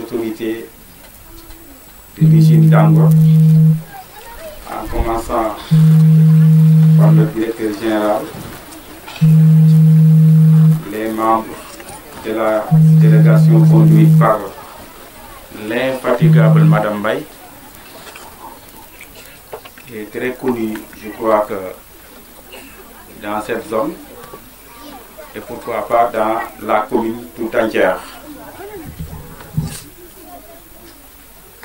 autorités du régime d'Ango, en commençant par le directeur général, les membres de la délégation conduite par l'infatigable Madame Bay, qui est très connue, je crois que dans cette zone, et pourquoi pas dans la commune tout entière.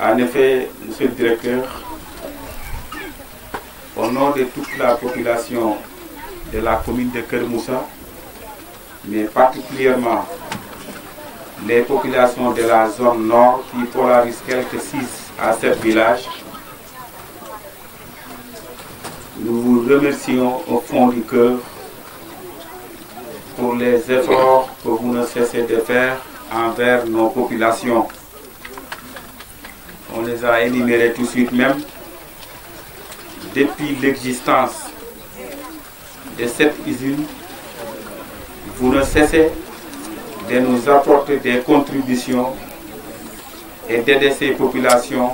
En effet, M. le Directeur, au nom de toute la population de la commune de Kermoussa, mais particulièrement les populations de la zone nord qui polarisent quelques 6 à 7 villages, nous vous remercions au fond du cœur pour les efforts que vous ne cessez de faire envers nos populations on les a énumérés tout de suite même, depuis l'existence de cette usine, vous ne cessez de nous apporter des contributions et d'aider ces populations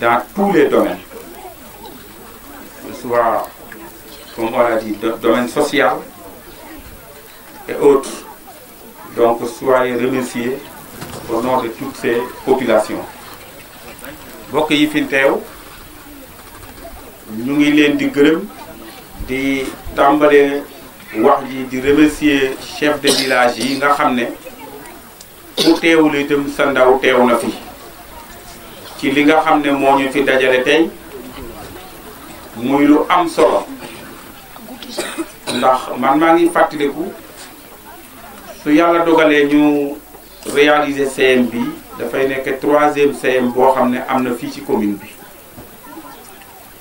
dans tous les domaines, que ce soit, comme on l'a dit, domaine social et autres. Donc soyez remerciés au nom de toutes ces populations. mbokk yi fi teew ñu ngi leen di gërëm di tàmbale wax ji di remercier chef de village yi nga xam ne ku teewul itam sa ndaw teew na fi ci li nga xam ne moo ñu fi dajale tey muy lu am solo ndax man maa ngi fàttaliku su yàlla dogalee ñu réaliser CM bi dafay nekk troisième CM boo xam ne am na fii ci commune bi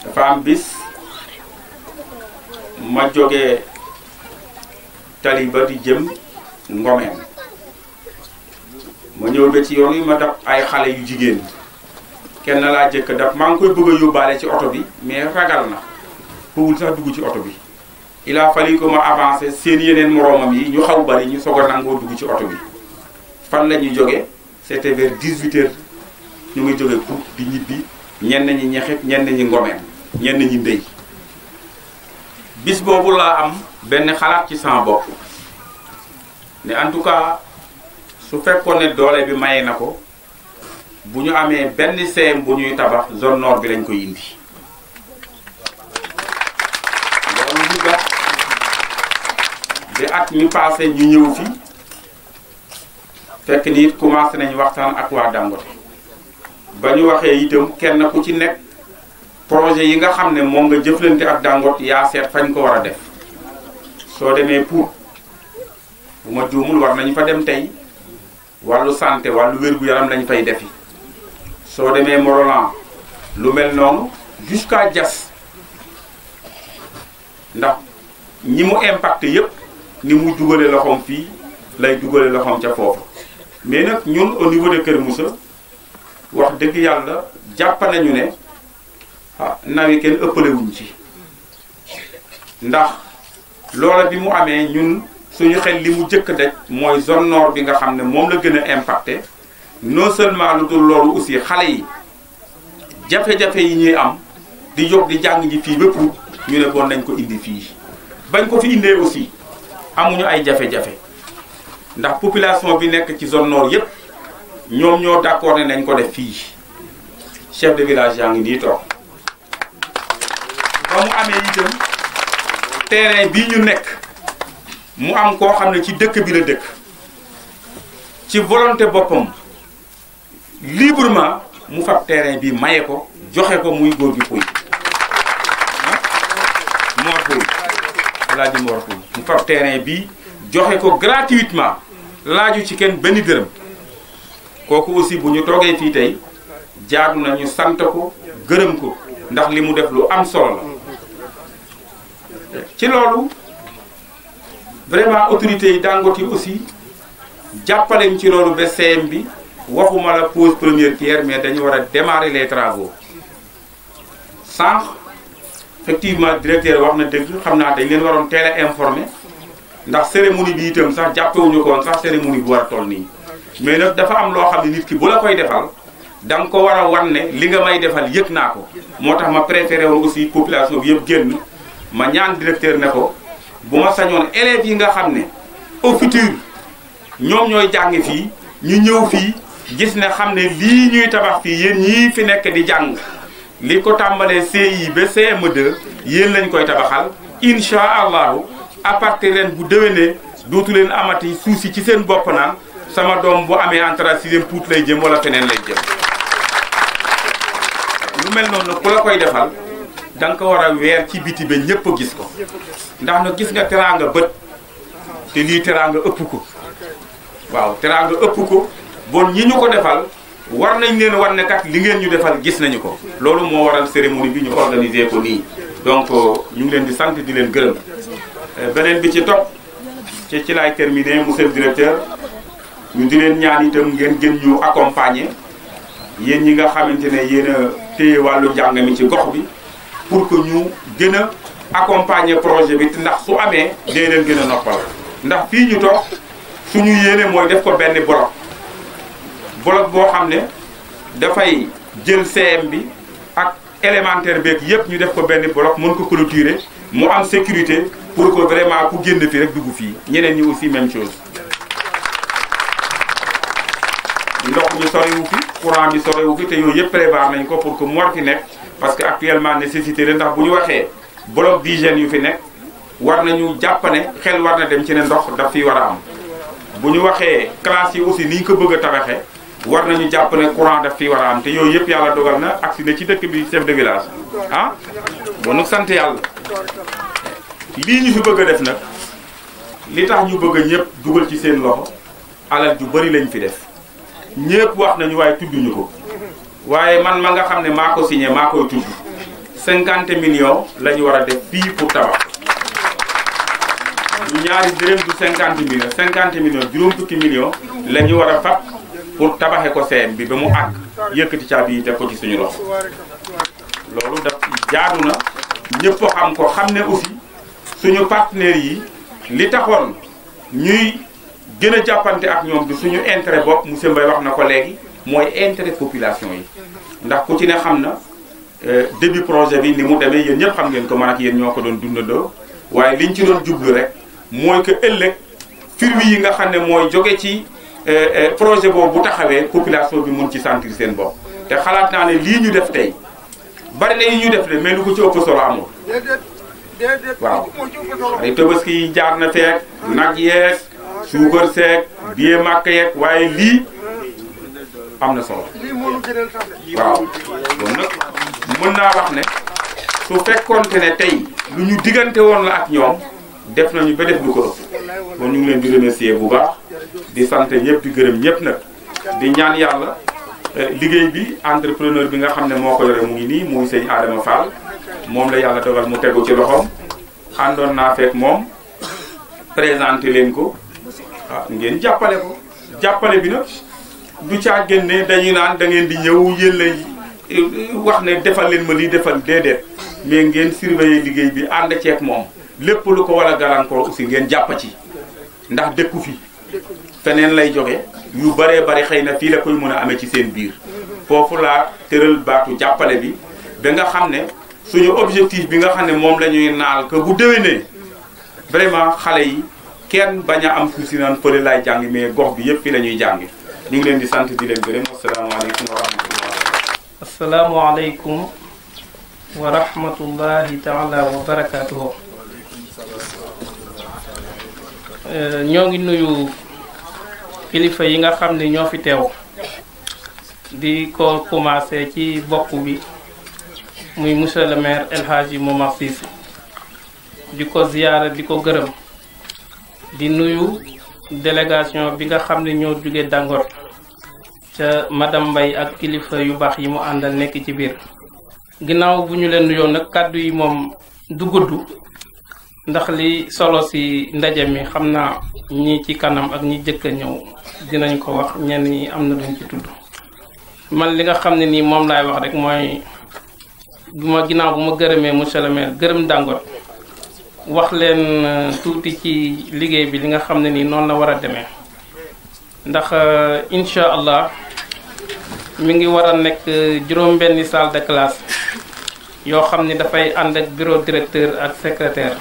dafa am bis ma joge tali ba di jëm Ngomeen ma ñëw ba ci yoon yi ma dab ay xale yu jigéen kenn laa jëkk daf maa ngi koy bëgg a yóbbaale ci oto bi mais ragal na bëggul sax dugg ci oto bi il fan fallu ko ma avancé seen yeneen moroomam yi ñu xaw bari ñu soog a nangoo dugg ci oto bi fan la ñuy jóge c'était vers 18 heures ñu ngi jógee pour di ñibbi ñenn ñi ñexet ñenn ñi ngomeen ñenn ñi ndëy bis boobu laa am benn xalaat ci sama bopp ne en tout cas su fekkoon ne doole bi maye na ko bu ñu amee benn seem bu ñuy tabax zone nord bi lañ ko yindi loolu ñu gat bi at mi passé ñu ñëw fi fekk ni it commencé nañ waxtaan ak waa Dangote ba ñu waxee itam kenn ku ci nekk projet yi nga xam ne moom nga jëflante ak Dangote yaa seet fañ ko war a def soo demee pour bu ma juumul war nañ fa dem tey wàllu sante wàllu wér-gu-yaram lañ fay defi soo demee Morolan lu mel noonu jusqu'à jas ndax ñi mu impact yépp ni mu dugale loxoom fii lay dugale loxoom ca foofu mais nag ñun au niveau de Kër Moussa wax dëgg yàlla jàpp nañu ne ah naw yi kenn ëppale ci ndax loola bi mu amee ñun suñu xel li mu jëkk daj mooy zone nord bi nga xam ne moom la gën a impacté non seulement lu dul loolu aussi xale yi jafe-jafe yi ñuy am di jóg di jàng ji fii bépp ñu ne bon nañ ko indi fii bañ ko fi indee aussi amuñu ay jafe-jafe. ndax population bi nekk ci zone nord yépp ñoom ñoo d'accord ne nañ ko def fii chef de village yaa ngi nii toog ba mu amee itam terrain bii ñu nekk mu am koo xam ne ci dëkk bi la dëkk ci volonté boppam librement mu fab terrain bi maye ko joxe ko muy góor gi puy moor puy alaaji moor puy mu fab terrain bi joxe ko gratuitement laaju ci kenn benn gërëm kooku aussi bu ñu toogee fii tey jaadu nañu sant ko gërëm ko ndax li mu def lu am solo la ci loolu vraiment autorités yi Dangote aussi jàppaleñ ci loolu ba bi waxuma la pose première pierre mais dañu war a démarrer les travaux sànq effectivement directeur wax na dëgg xam naa dañ leen waroon teel a informer ndax cérémonie bi itam sax jàppewuñu ko woon sax cérémonie bu war a toll nii mais nag dafa am loo xam ne nit ki bu la koy defal danga ko war a wan ne li nga may defal yëg naa ko moo tax ma préféré woon aussi population bi yëpp génn ma ñaan directeur ne ko bu ma sañoon élèves yi nga xam ne au futur ñoom ñooy jàng fii ñu ñëw fii gis ne xam ne lii ñuy tabax fii yéen ñii fi nekk di jàng li ko tàmbalee CI ba CM2 yéen lañ koy tabaxal incha allahu à partir ren bu déwénee dootu leen amati suuf si ci seen bopp naan sama doom bu amee entrée sixième Pout lay jëm wala feneen lay jëm lu mel noonu nag ku la koy defal da ko war a weer ci biti ba ñépp a gis ko ndax nag gis nga teraanga bët te lii teraanga ëpp ko waaw teraanga ëpp ko bon ñi ñu ko defal war nañ leen war ne kat li ngeen ñu defal gis nañu ko loolu moo waral cérémonie bi ñu organiser ko nii donc euh, ñu ngi leen di sant di leen gërëm beneen bi ci topp ci ci laay terminer monsieur le directeur ñu di leen ñaan itam ngeen gën ñu accompagner yéen ñi nga xamante ne yéen a téye wàllu njàng mi ci gox bi pour que ñu gën a accompagner projet bi ndax su amee day leen gën a noppal ndax fii ñu toog suñu yéene mooy def ko benn bloc bloc boo xam ne dafay jël CM bi ak élémentaire beeg yépp ñu def ko benn bloc mën ko clôturer mu am sécurité pour que vraiment ku génn fii rek dugg fii ñeneen ñi aussi même chose ndox mi sorewu fi courant bi sorewu fi te yooyu yëpp prévoir nañ ko pour que mu war fi nekk parce que actuellement nécessité la ndax bu ñu waxee bloc d'hygiène yu fi nekk war nañu jàpp ne xel war na dem ci ne ndox daf fi war a am bu ñu waxee classe yi aussi ni ñu ko bëgg a war nañu jàpp ne courant daf fi war a am te yooyu yëpp yàlla dogal na agsi na ci dëkk bi chef de village ah bon nu sant yàlla lii ñu fi bëgg a def nag li tax ñu bëgg a ñëpp dugal ci seen loxo alal ju bari lañ fi def ñëpp wax nañu waaye tudduñu ko waaye man ma nga xam ne maa ko signé maa koy tudd cinquante million la ñu war a def fii pour tabax ñaari dërëm du cinquante million cinquante million juróom fukki millions la ñu war pour tabaxe ko CEM bi ba mu àgg yëkkati caabi yi teg ko ci suñu loxo loolu daf jaadu na ñëpp xam ko xam ne aussi suñu partenaires yi li taxoon ñuy gën a jàppante ak ñoom du suñu intérêt bopp monsieur Mbaye wax na ko léegi mooy intérêt population yi ndax ku ci ne xam na euh, début projet bi ni mu demee yéen ñëpp xam ngeen ko man ak yéen ñoo ko doon dundandoo waaye liñ ci doon jublu rek mooy que ëllëg firwi yi nga xam ne mooy joge ci Euh, euh, projet boobu bu taxawee population bi mun ci sentir seen bopp te xalaat naa ne lii ñu def tey bari na yi ñu def le mais lu ko ci ëpp solo amul waaw xari tabaski yi jaar na feek nag yees suukar seek bie màkk yeeg waaye lii am na solo waaw kon nag mën naa wax ne su fekkoonte ne tey lu ñu diggante woon la ak ñoom def nañu ba def lu ko ëpp kon ñu ngi leen di remercier bu baax di sant ñëpp di gërëm ñëpp nag di ñaan yàlla eh, liggéey bi entrepreneur bi nga xam ne moo ko yore mu ngi nii muy sëñ Adama Fall moom la yàlla dogal mu tegu ci loxoom àndoon naa fekk moom présenté leen ko ah, ngeen jàppale ko jàppale bi nag du caa génne dañuy naan da ngeen di ñëw yéen lay eh, wax ne defal leen ma lii defal déedéet mais ngeen surveiller liggéey bi ànd ceeg moom. lépp lu ko war a gàllankoor aussi ngeen jàpp ci ndax dëkku fi feneen lay jóge yu baree bari xëy na fii la koy mën a amee ci seen biir foofu laa tëral baatu jàppale bi ba nga xam ne suñu objectif bi nga xam ne moom lañuy ñuy naal que bu déwénee vraiment xale yi kenn bañ a am suuf si naan fële laay jàng mais gox bi yëpp fii la ñuy jàng ñu ngi leen di sant di leen gërëm asalaamaaleykum wa rahmatullah. asalaamaaleykum wa rahmatullahi taala wa barakaatuhu. Euh, ñoo ngi nuyu kilifa yi nga xam ne ñoo fi teew di ko commencé ci bokk bi muy monsieur le maire El Hadji Momar Cissé di ko ziyaara di ko gërëm di nuyu délégation bi nga xam ne ñoo jóge Dangote ca madame Mbaye ak kilifa yu baax yi mu àndal nekk ci biir ginnaaw bu ñu leen nuyoo nag kàddu yi moom du gudd ndax li solo si ndaje mi xam naa ñi ci kanam ak ñi jëkk a ñëw dinañ ko wax ñen ñi am na luñ ci tudd man li nga xam ne nii moom wax rek mooy bu ma ginnaaw bu ma gërëmee monsieur le maire gërëm dangot wax leen euh, tuuti ci liggéey bi li nga xam ne nii la war a demee ndax euh, insha allah mi ngi war a nekk euh, juróom-benni salle de classe yoo xam ni dafay ànd ak bureau directeur ak secrétaire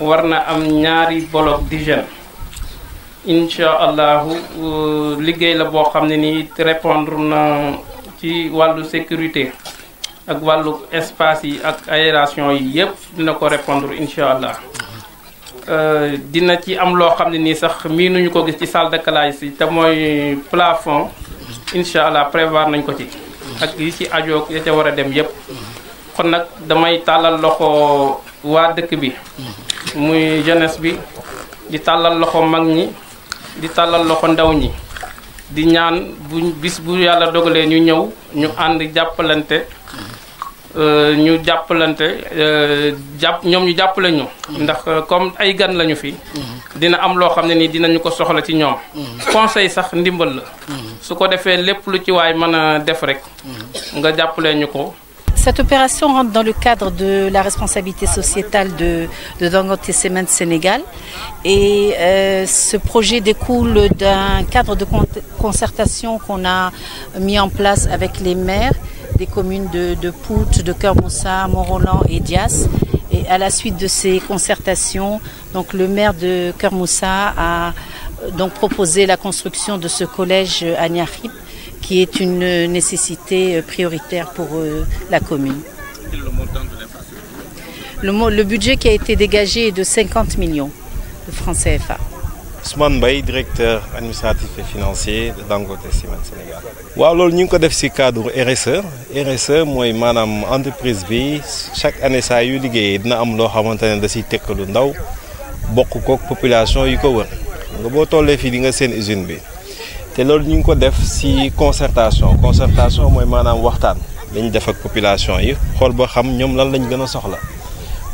war na am ñaari bloc d'hygiène incha allahu euh, liggéey la boo xam ne nii répondre na ci wàllu sécurité ak wàllu espace yi ak aération yi yépp dina ko répondre incha allah euh, dina ci am loo xam ne nii sax mii nuñu ko gis ci salle de classe yi te mooy plafond incha allah prévoir nañ ko ci ak yi ci ajoo ya ca war a dem yépp kon nag damay tàllal loxo waa dëkk bi muy jeunesse bi di tàllal loxo mag ñi di tàllal loxo ndaw ñi di ñaan bu bis bu yàlla dogalee ñu ñëw ñu ànd jàppalante euh, ñu jàppalante euh, jàpp ñoom ñu jàppale ñu. ndax euh, comme ay gan lañu fi. dina am loo xam ne nii dinañu ko soxla ci ñoom. conseil sax ndimbal la. Mm-hmm. su ko defee lépp lu ci waay mën a def rek. nga jàppale ñu ko. Cette opération rentre dans le cadre de la responsabilité sociétale de, de Dangote Sénégal et euh, ce projet découle d'un cadre de concertation qu'on a mis en place avec les maires des communes de, Pout, de Kermoussa, mont et Dias. Et à la suite de ces concertations, donc le maire de Kermoussa a euh, donc proposé la construction de ce collège à qui est une nécessité euh, prioritaire pour euh, la commune. Le, le, budget qui a été dégagé est de 50 millions de francs CFA. Ousmane Baye directeur administratif et financier de Dangote Ciment Sénégal waaw loolu ñu ko def ci cadre RSE RSE mooy maanaam entreprise bi chaque année ça yu eu dina am loo xamante da ciy tekk ndaw population yu ko wër nga boo di nga seen te loolu ñu ngi ko def ci concertation concertation mooy maanaam waxtaan dañ def ak population yi xool ba xam ñoom lan lañ gën a soxla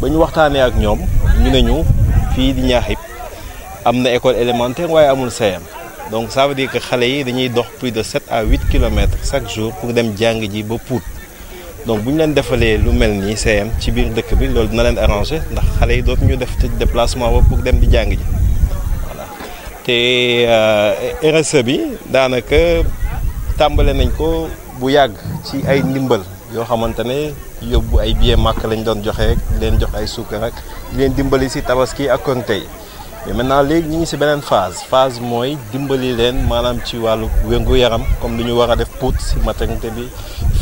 ba ñu waxtaanee ak ñoom ñu ne ñu fii di Ñaaxib am na école élémentaire waaye amul CM donc ça veut dire que xale yi dañuy dox plus de 7 à 8 kilomètres chaque jour pour dem jàng ji ba Pout donc bu ñu leen defalee lu mel nii CM ci biir dëkk bi loolu dina leen arrangé ndax xale yi dootuñu def ci déplacement ba pour dem di jàng ji te eh, RSE bi daanaka tàmbale nañ ko bu yàgg ci ay ndimbal yoo xamante ne yóbbu ay billet màkk lañ doon joxe leen jox ay suukar ak leen dimbali si tabaski ak korite yi mais maintenant léegi ñu ngi si beneen phase phase mooy dimbali leen maanaam ci wàllu wéngu yaram comme lu ñu war a def puut si maternité bi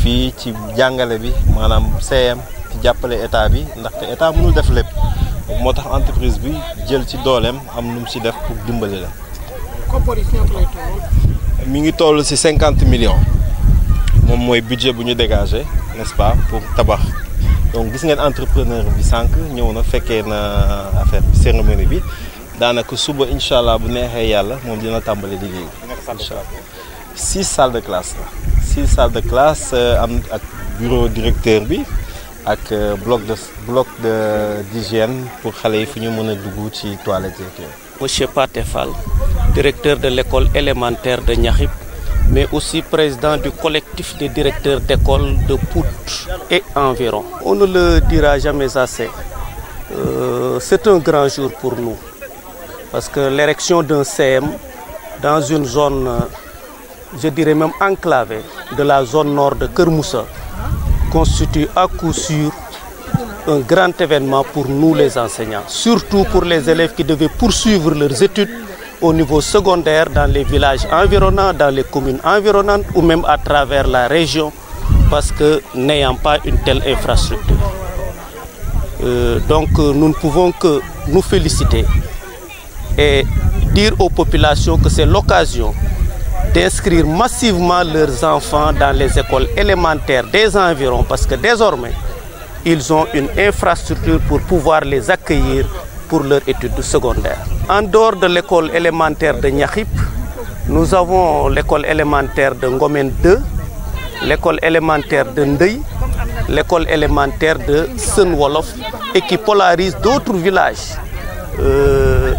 fii ci jàngale bi maanaam CM ci jàppale état bi ndaxte état mënul def lépp. moo tax entreprise bi jël ci am def pour la. mi ngi 50 millions moom budget dégagé n'est-ce pas pour donc gis ngeen entrepreneur bi affaire cérémonie bi suba bu salles de classe 6 six salles de classe euh, am bureau directeur ak euh, bloc de bloc de d'hygiène pour xalé yi fu ñu mëna Monsieur Patefal, directeur de l'école élémentaire de Nyarib mais aussi président du collectif des directeurs d'école de Pout et environ. On ne le dira jamais assez. Euh, c'est un grand jour pour nous parce que l'érection d'un CM dans une zone, euh, je dirais même enclavée, de la zone nord de Kermoussa, constitue à coup sûr un grand événement pour nous les enseignants, surtout pour les élèves qui devaient poursuivre leurs études au niveau secondaire dans les villages environnants, dans les communes environnantes ou même à travers la région parce que n'ayant pas une telle infrastructure. Euh, donc euh, nous ne pouvons que nous féliciter et dire aux populations que c'est l'occasion d'inscrire massivement leurs enfants dans les écoles élémentaires des environs parce que désormais, ils ont une infrastructure pour pouvoir les accueillir pour leur études secondaire. En dehors de l'école élémentaire de Nyarip, nous avons l'école élémentaire de Ngomen 2, l'école élémentaire de Ndei, l'école élémentaire de Senwolof et qui polarise d'autres villages euh,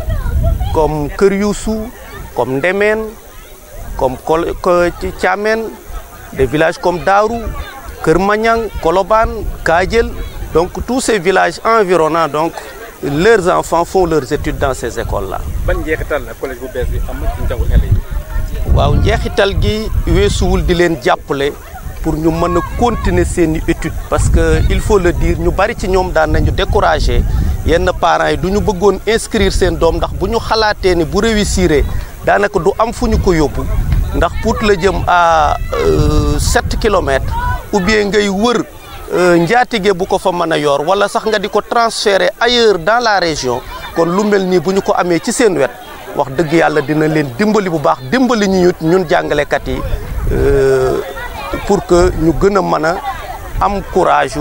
comme Kuryusu, comme Demen, comme Tchamen, des villages comme Darou, Kermanyang, Koloban, Kajel. Donc tous ces villages environnants, donc, leurs enfants font leurs études dans ces écoles-là. waaw njeexital gi weesuwul di leen jàppale pour ñu mën continuer seeni études parce que il faut le dire nous bari ci ñom daan nañu décourager yenn parents yi du bëggoon inscrire seen doom ndax bu ñu ni bu réussiré daanaka du am fu ñu ko yóbbu ndax Pout la jëm à euh, sept kilomètres ou ngay wër euh, njaatige bu ko fa mën a yor wala sax nga di ko transférer ailleurs dans la région kon lu mel nii bu ñu ko amee ci seen wet wax dëgg yàlla dina leen dimbali bu baax dimbali ñu ñun jàngalekat yi euh, pour que ñu gën a mën a am courage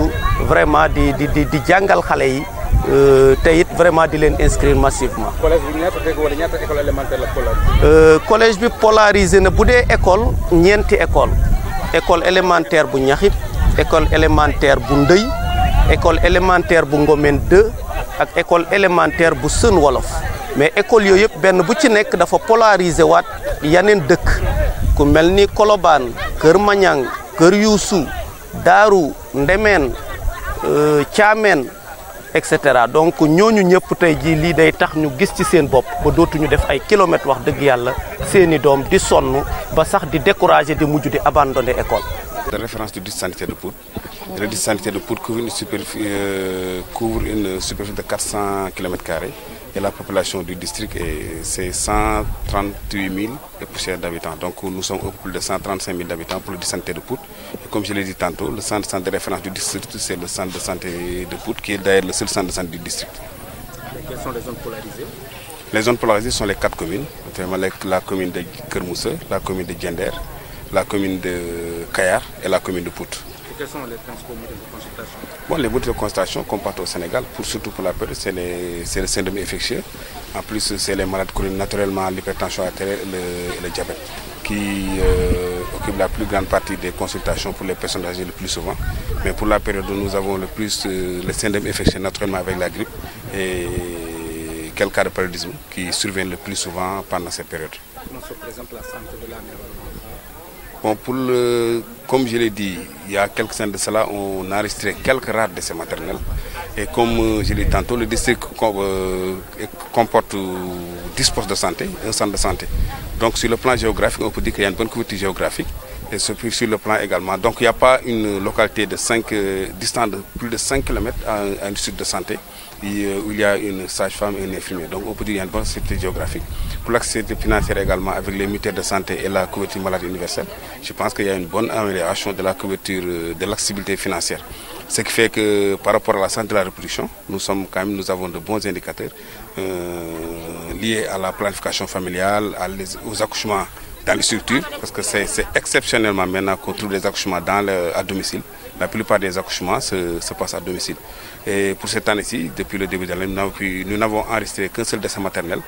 vraiment di di di jàngal xale yi Eh, tayit vraiment di len inscrire massivement. collège bi ñaata dégg wala ñaata école élémentaire la polarisé. Eh, collège bi polarisé na boudé école ñeenti école école élémentaire bu ñaxit école élémentaire bu ndey école élémentaire bu ngomène 2 ak école élémentaire bu seun wolof mais école yoyep ben bu ci nek dafa polarisé wat yanen dëkk ku melni koloban keur kër mañang kër yuusu daaru ndemeen eh, caameen etc. donc ñooñu ñëpp tay ji li day tax ñu gis ci seen bopp ba ñu def ay kilomètres wax dëgg Yalla seeni doom di sonn ba sax di décourager di mujj di abandonner école. La référence du district sanitaire de Pout. Le district sanitaire de Poudre euh, couvre une superficie de 400 km2 et la population du district, c'est 138 000 poussières d'habitants. Donc nous sommes au plus de 135 000 habitants pour le district santé de Pout. comme je l'ai dit tantôt, le centre de référence du district, c'est le centre de santé de Pout, qui est d'ailleurs le seul centre de santé du district. quelles sont les zones polarisées Les zones polarisées sont les quatre communes, notamment la commune de Kermousse, la commune de Diender, la commune de Kayar et la commune de Pout quels sont les principaux motifs de consultation bon, Les motifs de consultation qu'on porte au Sénégal, pour, surtout pour la période, c'est le syndrome infectieux. En plus, c'est les malades chroniques, naturellement l'hypertension artérielle et le, diabète, qui euh, occupent la plus grande partie des consultations pour les personnes âgées le plus souvent. Mais pour la période où nous avons le plus euh, le syndrome infectieux naturellement avec la grippe et quelques cas de paludisme qui surviennent le plus souvent pendant cette période. Comment se présente la santé Bon, pour comme je l'ai dit, il y a quelques années de cela, on a enregistré quelques rares de ces maternelles. Et comme euh, je l'ai dit tantôt, le district euh, comporte 10 euh, postes de santé, un centre de santé. Donc sur le plan géographique, on peut dire qu'il y a une bonne couverture géographique et sur le plan également. Donc il n'y a pas une localité de 5, distante de plus de 5 km à, un une de santé où euh, il y a une sage-femme et une infirmière. Donc on peut dire qu'il y a une bonne sécurité géographique. Pour l'accessibilité financière également, avec les mutuelles de santé et la couverture maladie universelle, je pense qu'il y a une bonne amélioration de la couverture euh, de l'accessibilité financière. Ce qui fait que par rapport à la santé de la reproduction, nous même, nous avons de bons indicateurs euh, liés à la planification familiale, aux accouchements dans les structures, parce que c'est exceptionnellement maintenant qu'on trouve les accouchements à domicile. La plupart des accouchements se, se passent à domicile. Et pour cette année-ci, depuis le début de l'année, nous n'avons enregistré qu'un seul décès maternel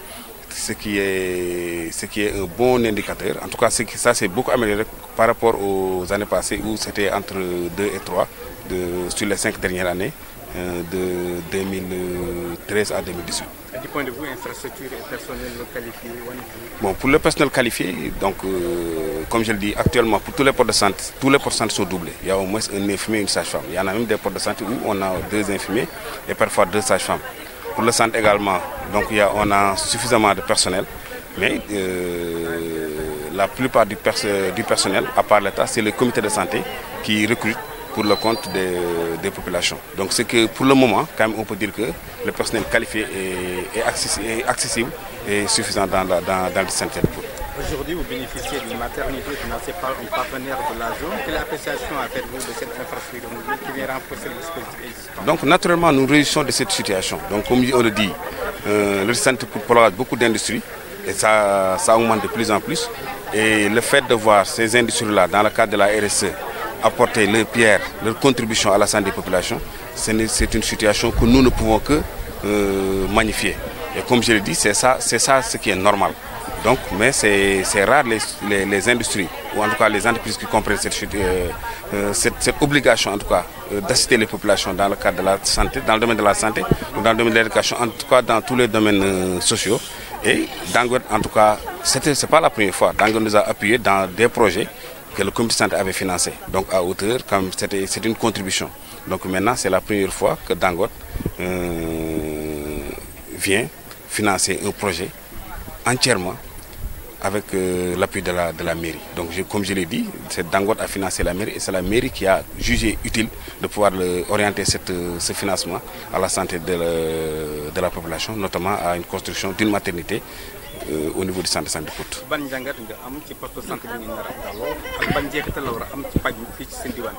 ce qui est ce qui est un bon indicateur. En tout cas, ça s'est beaucoup amélioré par rapport aux années passées où c'était entre 2 et 3 sur les 5 dernières années. Euh, de 2013 à 2018. du point de vue infrastructure et personnel qualifié bon, Pour le personnel qualifié, donc, euh, comme je le dis, actuellement, pour tous les ports de santé, tous les ports de santé sont doublés. Il y a au moins un infirmier et une sage-femme. Il y en a même des ports de santé où on a deux infirmiers et parfois deux sages-femmes. Pour le centre également, donc, il y on a suffisamment de personnel, mais euh, la plupart du personnel, à part l'État, c'est le comité de santé qui recrute pour le compte des, populations. Donc c'est que pour le moment, quand même, on peut dire que le personnel qualifié est, accessible, et suffisant dans, la, dans, de le centre. Aujourd'hui, vous bénéficiez d'une maternité financée par un partenaire de la zone. Quelle appréciation avez-vous de cette infrastructure qui vient renforcer le dispositif existant Donc, naturellement, nous réussissons de cette situation. Donc, comme on le dit, euh, le centre a beaucoup d'industries et ça, ça augmente de plus en plus. Et le fait de voir ces industries-là dans le cadre de la RSE apporter leur pierre, leur contribution à la santé des populations, c'est une situation que nous ne pouvons que euh, magnifier. Et comme je l'ai dit, c'est ça, c'est ça ce qui est normal. Donc, mais c'est rare les, industries, ou en tout cas les entreprises qui comprennent cette, euh, euh, obligation, en tout cas, d'assister les populations dans le cadre de la santé, dans le domaine de la santé, ou dans le domaine de l'éducation, en tout cas dans tous les domaines sociaux. Et en tout cas, ce n'est pas la première fois. Dangot nous a appuyé dans des projets que le comité avait financé, donc à hauteur, c'est une contribution. Donc maintenant, c'est la première fois que Dangote euh, vient financer un projet entièrement avec euh, l'appui de la, mairie. Donc comme je l'ai dit, c'est Dangote a financé la mairie et c'est la mairie qui a jugé utile de pouvoir orienter euh, ce financement à la santé de la population, notamment à une construction d'une maternité euh, au niveau du centre de santé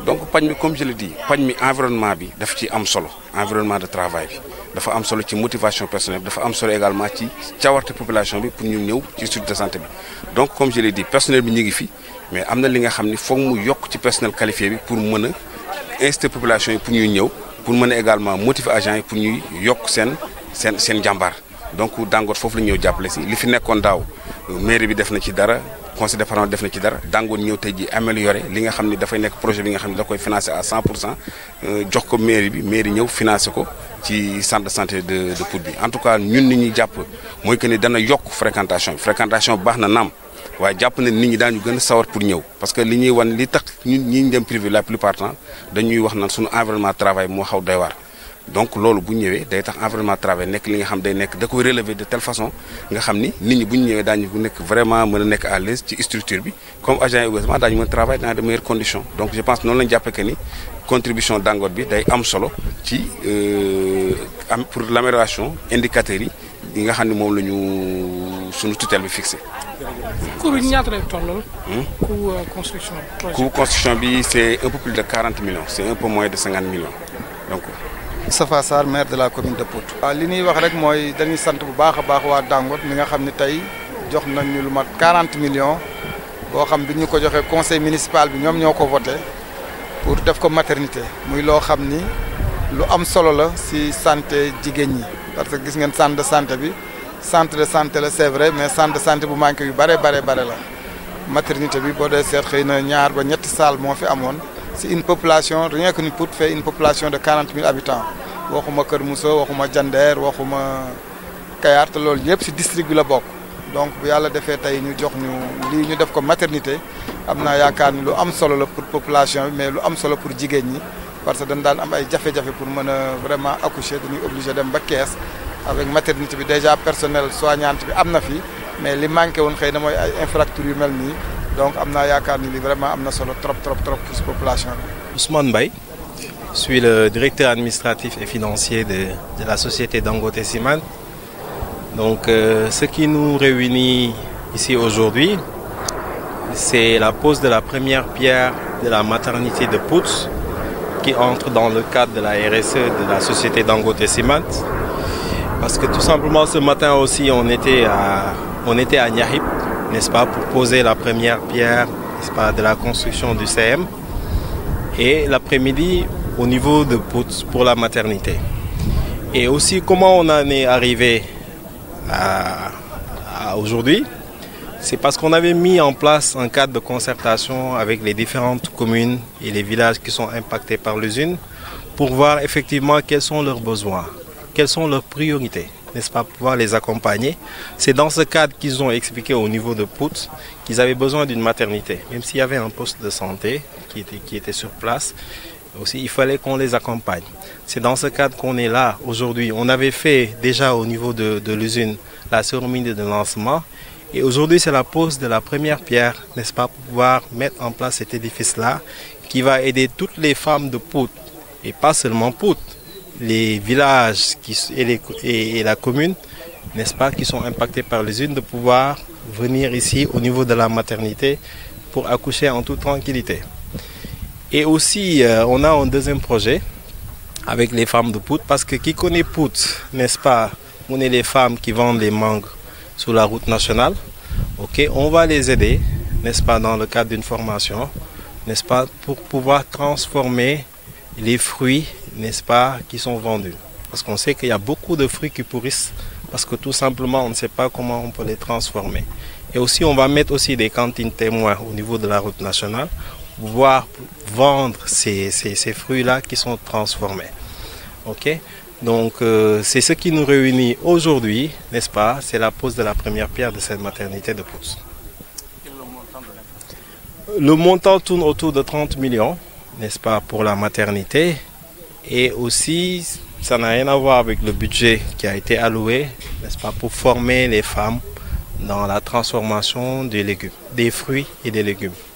donc comme je l'ai dit, l'environnement est environnement environnement de travail Il dafa am solo motivation personnelle dafa am solo également ci population pour ñu de santé donc comme je l'ai dit personnel est un mais il que personnel qualifié pour inster population pour ñuy pour également motiver agents pour santé donc dangor fofu la ñëw jàppale si li fi nekkon daw maire bi def na ci dara conseil départemental def na ci dara dangor ñëw tey ji amélioré li nga xamni da fay nekk projet bi nga xamni da koy financer à 100 euh, jox ko maire bi maire ñëw financer ko ci centre de santé de de Pout bi en tout cas ñun ni ñi japp moy que ni dana yok fréquentation fréquentation baax na naam waaye jàpp na nit ñi daañu gën a sawar pour ñëw parce que li ñuy wan li tax ñun ñi dem privé la plupart temps dañuy wax naan suñu environnement travail moo xaw doy waar donc loolu bu ñëwee day tax environnement travail nekk li nga xam day nekk da koy relever de telle façon nga xam ni nit ñi bu ñu ñëwee daañu nekk vraiment mën a nekk à l'aise ci structure bi comme agent yi heureusement daañu mën a travailler dans de meilleures conditions donc je pense noonu lañu jàppe que ni contribution Dangote bi day am solo ci euh, am pour l'amélioration indicateurs yi yi nga xam ne moom la ñu suñu tutelle bi fixé. coût bi ñaata lay toll. Hmm? coût euh, construction. coût construction bi c'est un peu plus de 40 millions c'est un peu moins de 50 millions donc. Safa Sar maire de la commune de Pout. waaw ah, li ñuy wax rek moy dañuy sant bu baax a baax waa Dangote mi nga xamni tay jox nañu lu mat 40 millions Bo xam biñu ko joxee conseil municipal bi ñom ñoko voté pour def ko maternité muy lo xamni lu am solo la si santé jigéen ñi parce que gis ngeen centre de santé bi centre de santé la c'est vrai mais centre de santé bu manqué yu bare bare bare la maternité bi bo dee sét xeyna ñaar ba ñett salle mo fi amone c'est une population rien que nous pouvons faire, une population de 40 000 habitants waxuma waxuma waxuma ci district bi donc des yàlla qui ñu jox ñu ñu def maternité des naa la pour population mais lu am pour jigéen parce que nous avons am ay jafe pour mën vraiment accoucher dañuy obligé dem des caisse. avec maternité déjà personnel soignant, bi mais li qui ont xëy na donc am naa yaakaar vraiment solo trop trop trop population Ousmane Bay, je suis le directeur administratif et financier de, la société Dangote Siman. Donc euh, ce qui nous réunit ici aujourd'hui, c'est la pose de la première pierre de la maternité de Pouts qui entre dans le cadre de la RSE de la société Dangote Cement. Parce que tout simplement ce matin aussi on était à, on était à Nyahip, n'est-ce pas, pour poser la première pierre, nest pas, de la construction du CM. Et l'après-midi, au niveau de pour la maternité. Et aussi, comment on en est arrivé à aujourd'hui, c'est parce qu'on avait mis en place un cadre de concertation avec les différentes communes et les villages qui sont impactés par l'usine pour voir effectivement quels sont leurs besoins, quelles sont leurs priorités n'est-ce pas, pouvoir les accompagner. C'est dans ce cadre qu'ils ont expliqué au niveau de Pout qu'ils avaient besoin d'une maternité. Même s'il y avait un poste de santé qui était, qui était sur place, aussi, il fallait qu'on les accompagne. C'est dans ce cadre qu'on est là aujourd'hui. On avait fait déjà au niveau de, l'usine la cérémonie de lancement. Et aujourd'hui, c'est la pose de la première pierre, n'est-ce pas, pour pouvoir mettre en place cet édifice-là qui va aider toutes les femmes de Pout, et pas seulement Pout, les villages qui, et, la commune, n'est-ce pas, qui sont impactés par les unes, de pouvoir venir ici au niveau de la maternité pour accoucher en toute tranquillité. Et aussi, euh, on a un deuxième projet avec les femmes de Pout, parce que qui connaît Pout, n'est-ce pas, on est les femmes qui vendent les mangues sur la route nationale. Ok, on va les aider, n'est-ce pas, dans le cadre d'une formation, n'est-ce pas, pour pouvoir transformer les fruits, n'est-ce pas, qui sont vendus. Parce qu'on sait qu'il y a beaucoup de fruits qui pourrissent parce que tout simplement on ne sait pas comment on peut les transformer. Et aussi on va mettre aussi des cantines témoins au niveau de la route nationale pour pouvoir vendre ces, fruits-là qui sont transformés. Ok donc euh, c'est ce qui nous réunit aujourd'hui, n'est-ce pas C'est la pose de la première pierre de cette maternité de Pousse. Le montant tourne autour de 30 millions n'est-ce pas, pour la maternité. Et aussi, ça n'a rien à voir avec le budget qui a été alloué, n'est-ce pas, pour former les femmes dans la transformation des légumes, des fruits et des légumes.